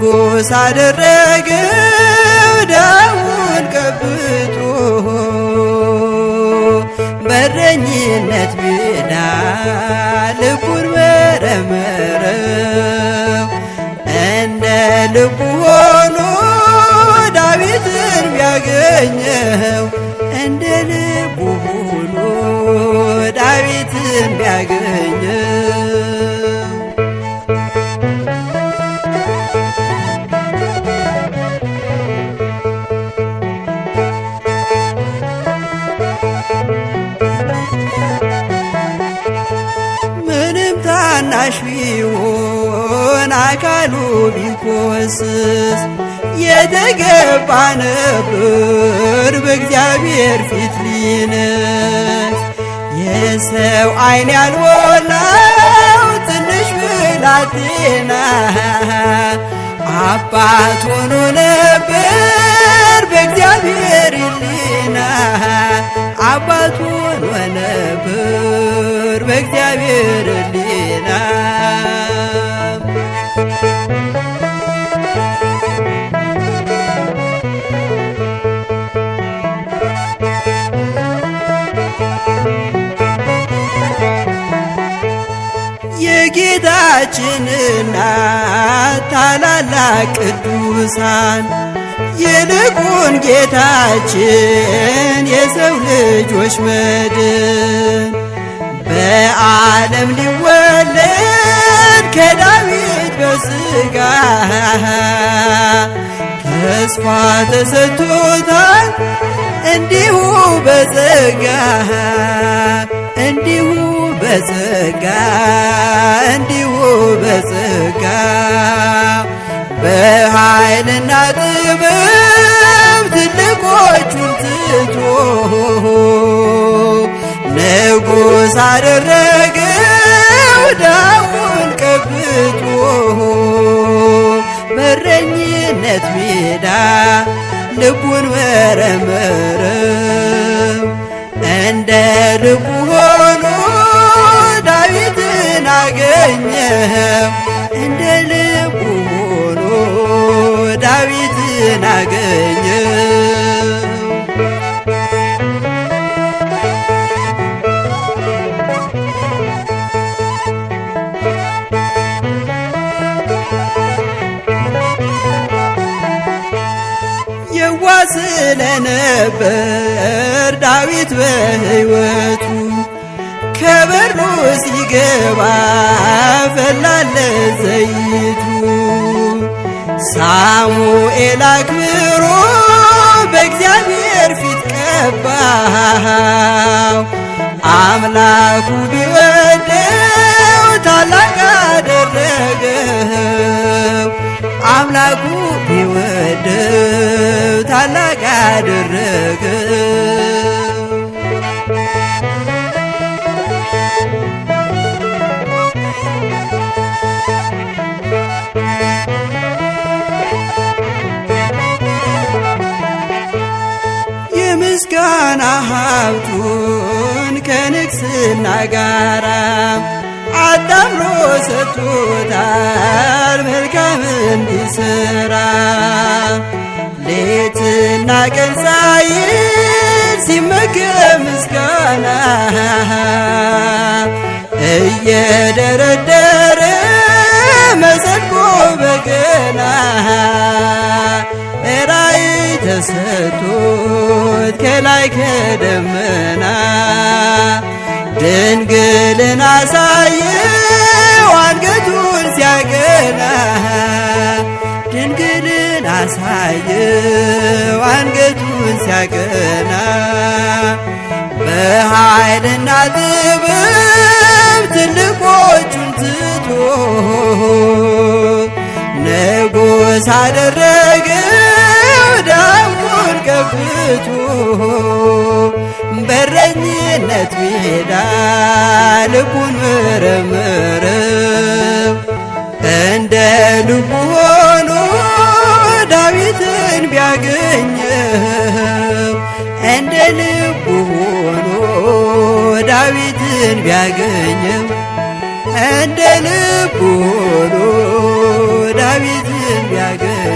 ንጉሥ አደረገው ዳውን ቀብቶ በረኝነት ብላ ልቡን መረመረው እንደ ልቡ ሆኖ ዳዊትን ቢያገኘ ታናሽ ቢሆን አካሉ ቢኮስስ የተገባ ነበር በእግዚአብሔር ፊት ሊነስ። የሰው ዓይን ያልሞላው ትንሽ ብላቴና አባት ሆኖ ነበር። የጌታችን እናት ታላላቅ ቅዱሳን የልቁን ጌታችን የሰው ልጆች መድን በዓለም ሊወለድ ከዳዊት በሥጋ ተስፋ ተሰጥቶታል እንዲሁ በጸጋ እንዲሁ በጸጋ እንዲሁ በጸጋ በኃይልና ጥበብ ትልቆቹን ትቶ ንጉሥ አደረገው ዳውን ቀብቶ መረኝነት ሜዳ ልቡን መረመረው እንደ ልቡ ቃልን አገኘ የዋ ስለነበር ዳዊት በሕይወቱ ከበሩ ሲገባ ፈላለ ዘይቱ ሳሙኤል አክብሮ በእግዚአብሔር ፊት ቀባው። አምላኩ ቢወደው ታላቅ አደረገው። አምላኩ ቢወደው ታላቅ አደረገው። የምስጋና ሀብቱን ከንግስና ጋራ አጣምሮ ሰጥቶታል መልካም እንዲሰራ ሌትና ቀን ሳይል ሲመገብ ምስጋና እየደረደረ መጸድቆ በገና ራእይ ተሰ ከላይ ከደመና ድንግልን አሳየው አንገቱን ሲያቀና ድንግልን አሳየው አንገቱን ሲያቀና በኃይልና ጥበብ ትልቆቹን ትቶ ንጉሥ አደረገ አጥፍቶ በረኝነት ሜዳ ልቡን ምርምር እንደ ልቡ ሆኖ ዳዊትን ቢያገኘው እንደ ልቡ ሆኖ ዳዊትን ቢያገኘው እንደ ልቡ ሆኖ ዳዊትን ቢያገኘው